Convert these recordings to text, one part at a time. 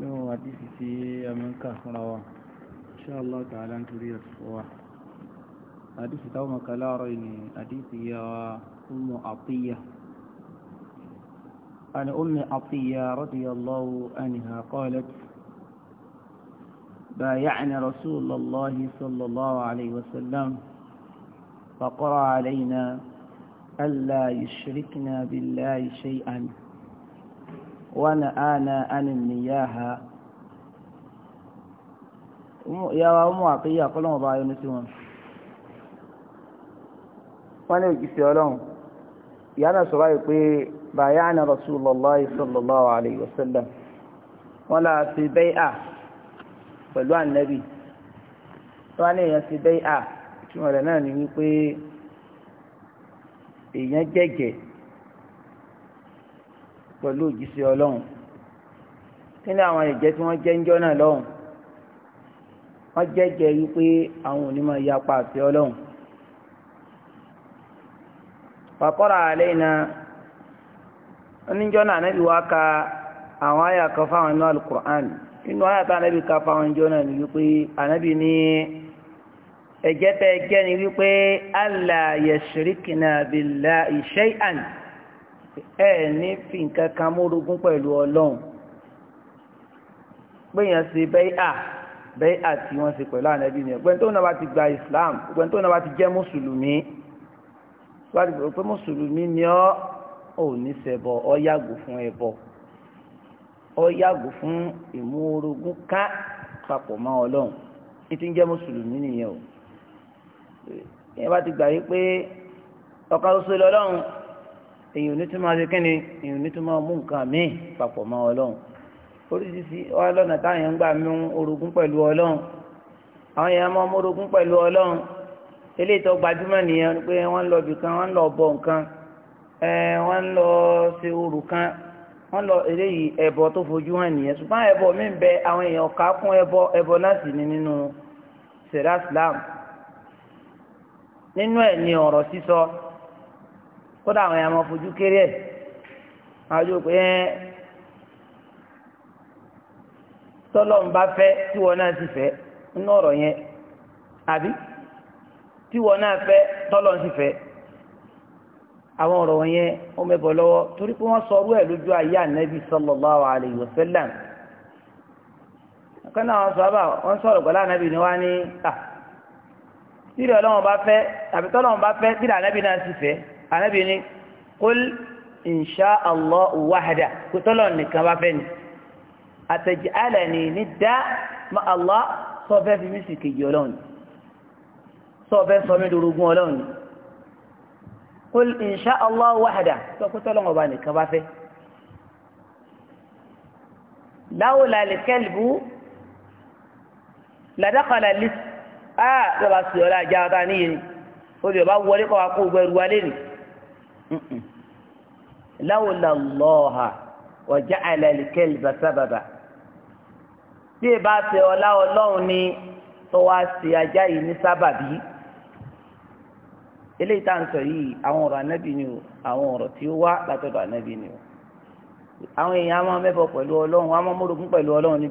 نو حديث في امنك روا ان شاء الله تعالى نريد الصواح حديث تاو مكلا ريني حديث يا ام عطية عن ام عطية رضي الله عنها قالت بايعنا رسول الله صلى الله عليه وسلم فقرأ علينا ألا يشركنا بالله شيئا wana ana anin niyaha ya wa mu aqiya kolon ba yo nisi won wana isi olon ya na so ba yi pe bayana rasulullahi sallallahu alaihi wasallam wala fi bai'a pelu annabi wana ya fi bai'a tumo le na ni wi pe eyan jeje pẹ̀lú òjíṣẹ́ ọlọ́run kí ni àwọn ẹ̀jẹ́ tí wọ́n jẹ́ ń jọ́nà lọ́hùn wọ́n jẹ́jẹ́ wípé àwọn onímọ̀ yapa àti ọlọ́run pàkọ́rà alẹ́ iná oníjọ́nà anábì wá ka àwọn àyà kan fáwọn inú alukur'an inú àyà tá anábì ka fáwọn jọ́nà ni wípé anábì ní ẹ̀jẹ́ tẹ́ jẹ́ ni wípé allah yashirikina billahi shay'an ẹ ní fi nǹkan kan mórogún pẹ̀lú ọlọ́run pé yẹn ṣe bẹ́ẹ̀ à bẹ́ẹ̀ à tí wọ́n ṣe pẹ̀lú ànábì yẹn gbẹ́ni tó náà bá ti gba Islam gbẹ́ni tó náà bá ti jẹ́ mùsùlùmí tó mùsùlùmí ni ọ́ ò ní ṣẹbọ ọ yàgò fún ẹbọ ọ yàgò fún ìmúorogún ká papọ̀ mọ́ ọlọ́run ìtí ń jẹ́ mùsùlùmí nìyẹn o ìyẹn bá ti gbà yí pé ọ̀kan ṣoṣo lọ́lọ́run èyàn ní tó máa ṣe kẹ́ni èyàn ní tó máa mú nǹkan míì papọ̀ mọ́ ọlọ́run oríṣiríṣi wá lọ́nà táyà ń gbà mú orogún pẹ̀lú ọlọ́run àwọn èèyàn máa mú orogún pẹ̀lú ọlọ́run eléyìí tó gbajúmọ̀ nìyẹn pé wọ́n ń lọ ibì kan wọ́n ń lọ bọ nǹkan wọ́n ń lọ ṣe orù kan wọ́n lọ eléyìí ẹbọ tó fojú hàn nìyẹn ṣùgbọ́n ẹbọ mi bẹ àwọn èèyàn kà á kún ẹbọ ẹbọ láti ní nínú sẹ̀rẹ̀ Islam nínú ẹ̀ ni ọ̀rọ̀ sísọ. So kódà àwọn èèyàn máa fojú kéré ẹ̀ máa jó pé ẹ́ tọ́lọ́ ń bá fẹ́ tí wọ́n náà sì fẹ́ nínú ọ̀rọ̀ yẹn àbí tí wọ́n náà fẹ́ tọ́lọ́ sì fẹ́ àwọn ọ̀rọ̀ yẹn ó mẹ́bọ̀ lọ́wọ́ torí pé wọ́n sọ orú ẹ̀ lójú ayé ànábì sallallahu alayhi wa sallam kan náà wọ́n sábà wọ́n sọ̀rọ̀ pẹ̀lú ànábì ni wá ní tà tí ìrọ̀lọ́wọ́n bá fẹ́ tàbí tọ́lọ́wọ́n bá fẹ́ tí ìrọ̀lọ́wọ́n bá fẹ́ ànábì ní kúl insha allah wahda kò tọ́lọ̀ nìkan bá fẹ́ ni àtẹ̀jẹ́ àlẹ́ ni ní dá ma allah sọ fẹ́ fi mí sì kejì ọlọ́run sọ fẹ́ sọ mí dorogún ọlọ́run kúl insha allah wahda sọ kó tọ́lọ̀ ọba nìkan bá fẹ́ láwùlà lè kẹ́lìbù làdákàlà lè ah lọ́ba sí ọlá ajá ọ̀tá níyẹn ni wọlé kọ́ kó gbẹrù wa lé láwùlà lọ́ọ̀hà ọ̀já àlẹ́lẹ́kẹ́ ìbá sábàbà bá ṣe ni tó wá ajá yìí ní bi eléyìí tá à ń sọ yìí àwọn tí ó wá látọ̀dọ̀ ànábì ni o àwọn èèyàn á máa mẹ́bọ pẹ̀lú ọlọ́run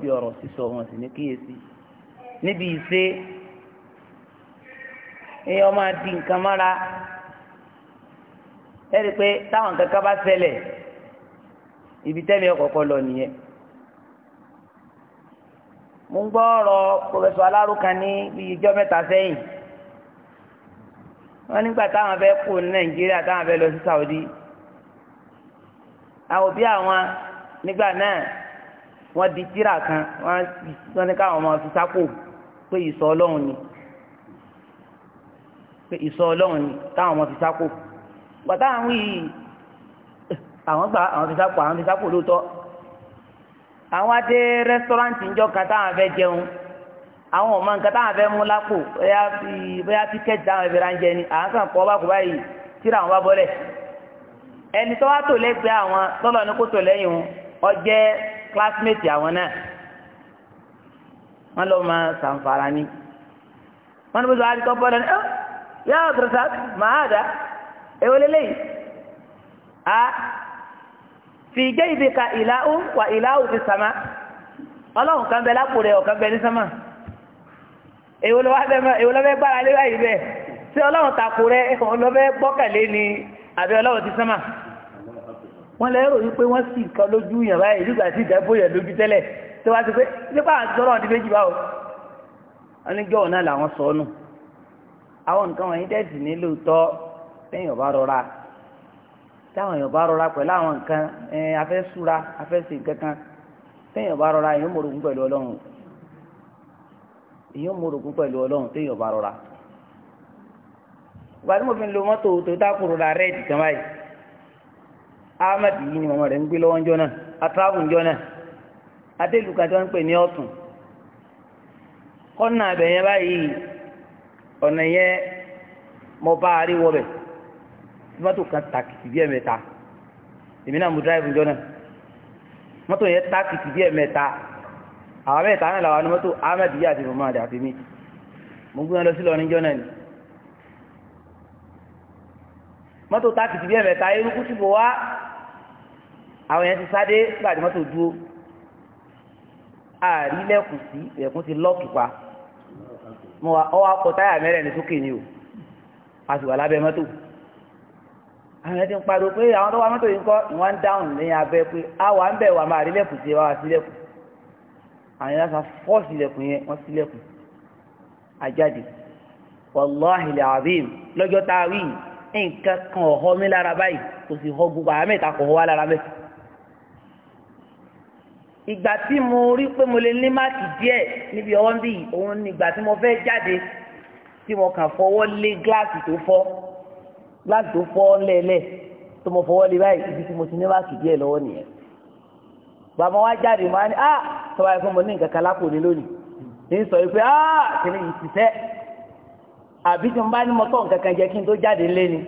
ẹ̀rí pé táwọn kankan bá ṣẹlẹ̀ ibi tẹ́mi ọ̀kọ̀ọ̀kọ̀ lọ nìyẹn. mo ń gbọ́ ọ̀rọ̀ pòfẹ́sọ̀ alárùkan ní bíi ijọ́ mẹ́ta sẹ́yìn nígbà táwọn fẹ́ kú ní nàìjíríà táwọn fẹ́ lọ sí saudi àwọn òbí àwọn nígbà náà wọ́n di tíra kan wọ́n ní káwọn ọmọ fi sáko pé ìsọ ọlọ́run ni pé ìsọ ọlọ́run ni káwọn ọmọ fi sáko bàtà àwọn yìí àwọn gba àwọn ti sápò àwọn ti sápò lóòótọ́ àwọn adé rẹ́sítọ́rántì ńjọ kan táwọn fẹ́ jẹun àwọn ọmọ nǹkan táwọn fẹ́ mú lápò bóyá bóyá tíkẹ́ẹ̀tì táwọn fẹ́ ránjẹ ni àwọn kan kọ́ bá kó báyìí tíra àwọn bá bọ́lẹ̀ ẹni tó wá tò lẹ́gbẹ̀ẹ́ àwọn tọ́lọ̀ ní kó tò lẹ́yìn wọn ó jẹ́ kílásímẹ́tì àwọn náà wọ́n lọ máa sàǹfàrà ni wọ́n ní bó sọ àdìkọ́ bọ́lẹ̀ ẹ́ yá àbùrọ̀sà máa dà èwo lélẹ́yìí a fi jaybika ìlàhù wà ìlàhù fi sàmà ọlọ́run kan bẹ lápò rẹ̀ ọ̀kan bẹ ní sánmà èwo ló wá bẹ mọ èwo ló bẹ gbára lé báyìí bẹ tí ọlọ́run takò rẹ̀ òun ló bẹ gbọ́kànlé ni àbí ọlọ́run ti sánmà wọ́n lẹ́rọ wípé wọ́n sì kan lójú yàn báyìí nígbà tí ìdábò yàn lójú tẹ́lẹ̀ tí wọ́n ti pé nípa àtọ́rọ̀ ọdún méjì báwo wọ́n ní jọ́wọ́ náà làwọn sọ ọ́ nù àwọn nǹkan wọ̀nyí tẹ̀sí ní lóòótọ́ tẹ́yìn ọba rọra táwọn èèyàn bá rọra pẹ̀lú àwọn nǹkan ẹ afẹ́ súra afẹ́ sìn kankan tẹ́yìn ọba rọra èèyàn pẹ̀lú ọlọ́run èèyàn mọ̀rọ̀gùn pẹ̀lú ọlọ́run tẹ́yìn ọba rọra. ìgbà tí mo fi ń lo mọ́tò Toyota Corolla rẹ́ẹ̀dì kan báyìí Ahmed yìí ni rẹ̀ ń gbé lọ́wọ́ náà náà ń pè ní ọ̀tún kọ́nà àbẹ̀yẹn báyìí ọ̀nà mọ́tò kan tàkìtì bí ẹ̀mẹ́ta èmi náà mo dráìbù jọ náà mọ́tò yẹn tàkìtì bí ẹ̀mẹ́ta àwọn mẹ́ta náà làwọn mọ́tò ahmed yíyá àti muhammad àti mi mo gbé wọn lọ sí lọrin jọ náà ni mọ́tò tàkìtì bí ẹ̀mẹ́ta eruku ti bò wá àwọn yẹn ti sáde gbàdé mọ́tò dúró àrí lẹ́kùn sí ẹ̀kún ti lọ́ọ̀kì pa mo wá ọwọ́ akọ táyà mẹ́rẹ̀ẹ́rin sókè ni o a sì wà lábẹ́ mọ́tò àwọn ẹni tí ń pariwo pé àwọn tó wá mọ́tò yìí ń kọ́ ìwọ́n ń dáhùn ní abẹ́ pé àwa ń bẹ̀ wà máa rí lẹ́kùn sí wa sílẹ̀kùn àwọn ẹni láti fọ́ sílẹ̀kùn yẹn wọ́n sílẹ̀kùn àjáde wàláhì làbíìm lọ́jọ́ tá a rí nǹkan kan ọ̀họ́ mi lára báyìí kò sì họ gbogbo àwọn mẹ́ta kò họ wá lára mẹ́. ìgbà tí mo rí pé mo lè ní máàkì díẹ̀ níbi ọwọ́ ń bì òun ni ìgbà tí mo fẹ́ jáde tí mo kàn fọwọ́ lé gíláàsì láti tó fọ́ lẹ́lẹ̀ tó mo fọwọ́ lé báyìí ibi tí mo ti ní bá kìdí ẹ̀ lọ́wọ́ nìyẹn bàbá wa jáde máa ní ah tọ́wọ́ ẹ̀fọ́ mo ní nǹkan kan lápò ní lónìí ní sọ yìí pé ah kìnìún yìí ti sẹ́ àbí tí mo bá ní mo tọ́ nǹkan kan jẹ́ kí n tó jáde lé ni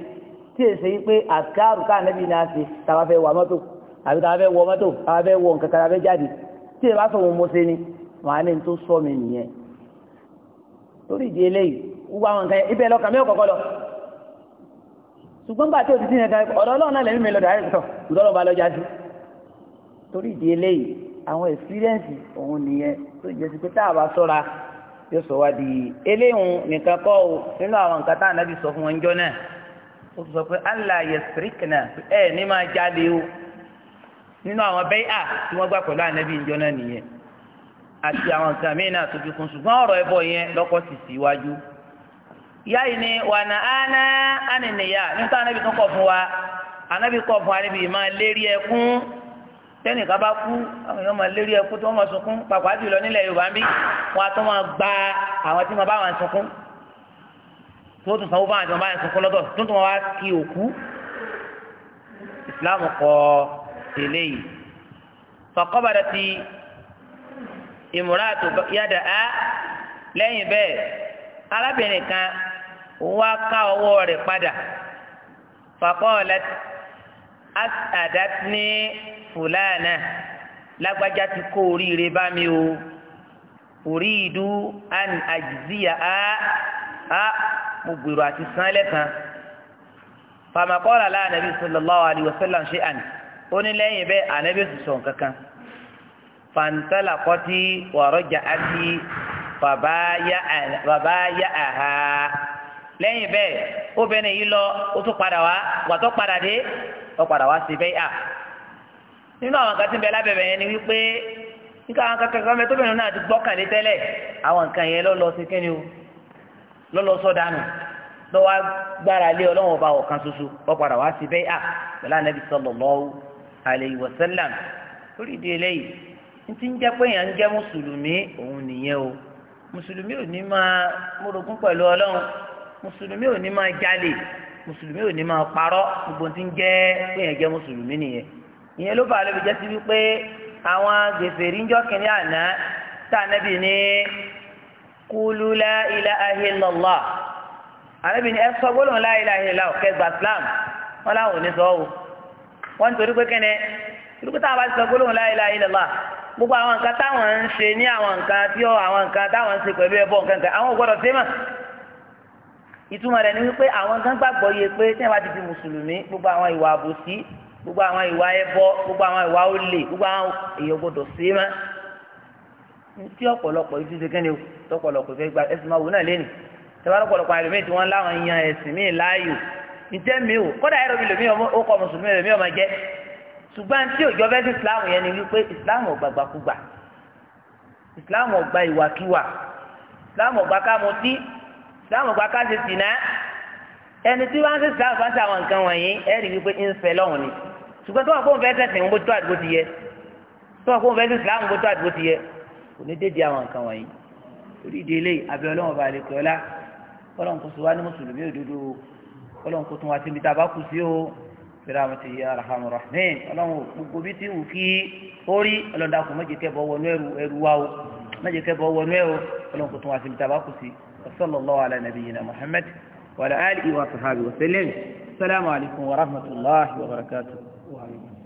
tí èsè yìí pé àkàrù káànẹ́bí náà ṣe tàbá fẹ́ wà mọ́tò àbí tàbá fẹ́ wọ mọ́tò tàbá fẹ́ wọ nǹkan kan tàbá fẹ́ jáde tí èbá sọ̀rọ̀ mo ṣe ni màá ní tó sọ mi nìyẹn torí ìdí eléyìí gbogbo àwọn nǹkan ibẹ̀ lọ ṣùgbọ́n bá tí ó ti sínú ẹ̀ka ọ̀rọ̀ ọlọ́run náà lẹ́mí mi lọ́dọ̀ àìsàn ìdọ́rọ̀ bá lọ́jà sí torí ìdí eléyìí àwọn ẹ̀sírẹ́ǹsì òun nìyẹn tó jẹ́ sí pé tá a bá sọ́ra yóò sọ wá di eléhùn nìkan kọ́ o nínú àwọn nǹkan tá ànábì sọ fún wọn jọ náà ó sọ pé allah yasrikna ẹ ní máa jáde o nínú àwọn bẹ́yà tí wọ́n gbà pẹ̀lú ànábì ìjọ náà nìyẹn àti àwọn nǹkan míì náà tó fi kún ṣùgbọ́n ọ̀rọ̀ ẹbọ yẹn lọ́kọ̀ sì síwájú. yáyìí ni wàhánà áná ani nìyà nípa anabi tó kọ̀ fún wa anabi kọ̀ fún wa níbi ìmọ̀ lérí ẹkún tẹnìkan bá kú àwọn èèyàn máa lérí ẹkún tí wọ́n máa sunkún pàpà jùlọ nílẹ̀ Yorùbá ń bí wọn a tó máa gba àwọn tí wọ́n bá wọn sunkún tó tún sanwó fáwọn tí wọ́n bá wọn sunkún lọ́dọ̀ tó tún wọn wá kí òkú Islam kọ tẹ́lẹ̀ yìí fọkọbàdà ti ìmúratù yàdà á lẹ́yìn bẹ́ẹ̀ arábìnrin kan òun wá ká ọwọ́ rẹ̀ padà fàkọ́ọ̀lẹ́ àdát ní fúlànà lágbájá ti kó oríire bá mi o oríìdú àn àjìzíyà á á mo gbèrò àti san lẹ́kan fàmàkọ́ọ̀lá láà nàbí sallallahu alaihi wasallam ṣe àná ó bẹ́ẹ̀ ànábì sọ̀n kankan fàǹtálà kọ́tí wàrọ̀jà àti bàbá yà àhà. lẹ́yìn bẹ́ẹ̀ obìnrin yìí lọ ó tún padà wá gbàtọ́ padà dé ó padà wá sí bẹ́ẹ̀ à nínú àwọn nǹkan tí ń bẹ lábẹ́bẹ̀ yẹn ni wípé nígbà àwọn kankan kan mẹ́tọ́ náà ti gbọ́kànlé tẹ́lẹ̀ àwọn nǹkan yẹn sí kíni o lọ́lọ́ sọ́dánù lọ́wọ́ gbára lé ṣoṣo padà wá sí bẹ́ẹ̀ à wa sallam lórí ìdí eléyìí ntí ń jẹ́ pé mùsùlùmí ò ní máa jalè mùsùlùmí ò ní máa parọ́ gbogbo tí ń jẹ́ pé yẹn jẹ́ mùsùlùmí nìyẹn ìyẹn ló bàa lóbi jẹ́ sí wípé àwọn kìnìún àná tá ànábì ní la ilaha ànábì ní gbólóhùn gba wọn la gbogbo àwọn nǹkan táwọn ń ṣe ní àwọn nǹkan tí àwọn nǹkan táwọn ń ṣe pẹ̀lú nǹkan nǹkan àwọn ìtumọ̀ rẹ̀ ni wípé àwọn gan gbàgbọ́ yẹ pé tí wọ́n bá ti di mùsùlùmí gbogbo àwọn ìwà àbòsí gbogbo àwọn ìwà ẹbọ gbogbo àwọn ìwà olè gbogbo àwọn èèyàn gbọdọ̀ sí ma tí ọ̀pọ̀lọpọ̀ yìí ti ṣe kẹ́ni tọ́pọ̀lọpọ̀ fẹ́ gba ẹ̀sìn máa wò náà lẹ́nu tẹ́wọ́n lọ́pọ̀lọpọ̀ àìlùmí tí wọ́n láwọn yan ẹ̀sìn míì láàyò ǹjẹ́ mi ò kọ́dà ẹ̀rọ mi lòmí ó kọ́ mùsùlùmí lòmí ọmọ jẹ́ ṣùgbọ́n tí òjò bẹ́ẹ̀ sí islam yẹn ni wípé islam ò gbàkúgbà islam ò ìwàkiwà islam ò gbà dáhùn gba ká ṣe sìnà ẹni tí wọ́n ṣe sìnà fún àwọn nǹkan wọ̀nyí ẹ wípé ń fẹ́ lọ́hùn ni ṣùgbọ́n tó wà kó ń fẹ́ sẹ̀sìn ń bójútó àdúgbò ti yẹ tó wà kó ń fẹ́ sẹ̀sìn láwọn bójútó àdúgbò ti yẹ kò ní dédé àwọn nǹkan wọ̀nyí torí ìdí eléyìí abẹ́ ọlọ́run bá lè kọ́lá ọlọ́run kò sọ wá ní mùsùlùmí òdodo ọlọ́run kò tún wá síbi tá kù sí o fìlàmù ti yẹ وصلى الله على نبينا محمد وعلى آله وصحابه وسلم السلام عليكم ورحمة الله وبركاته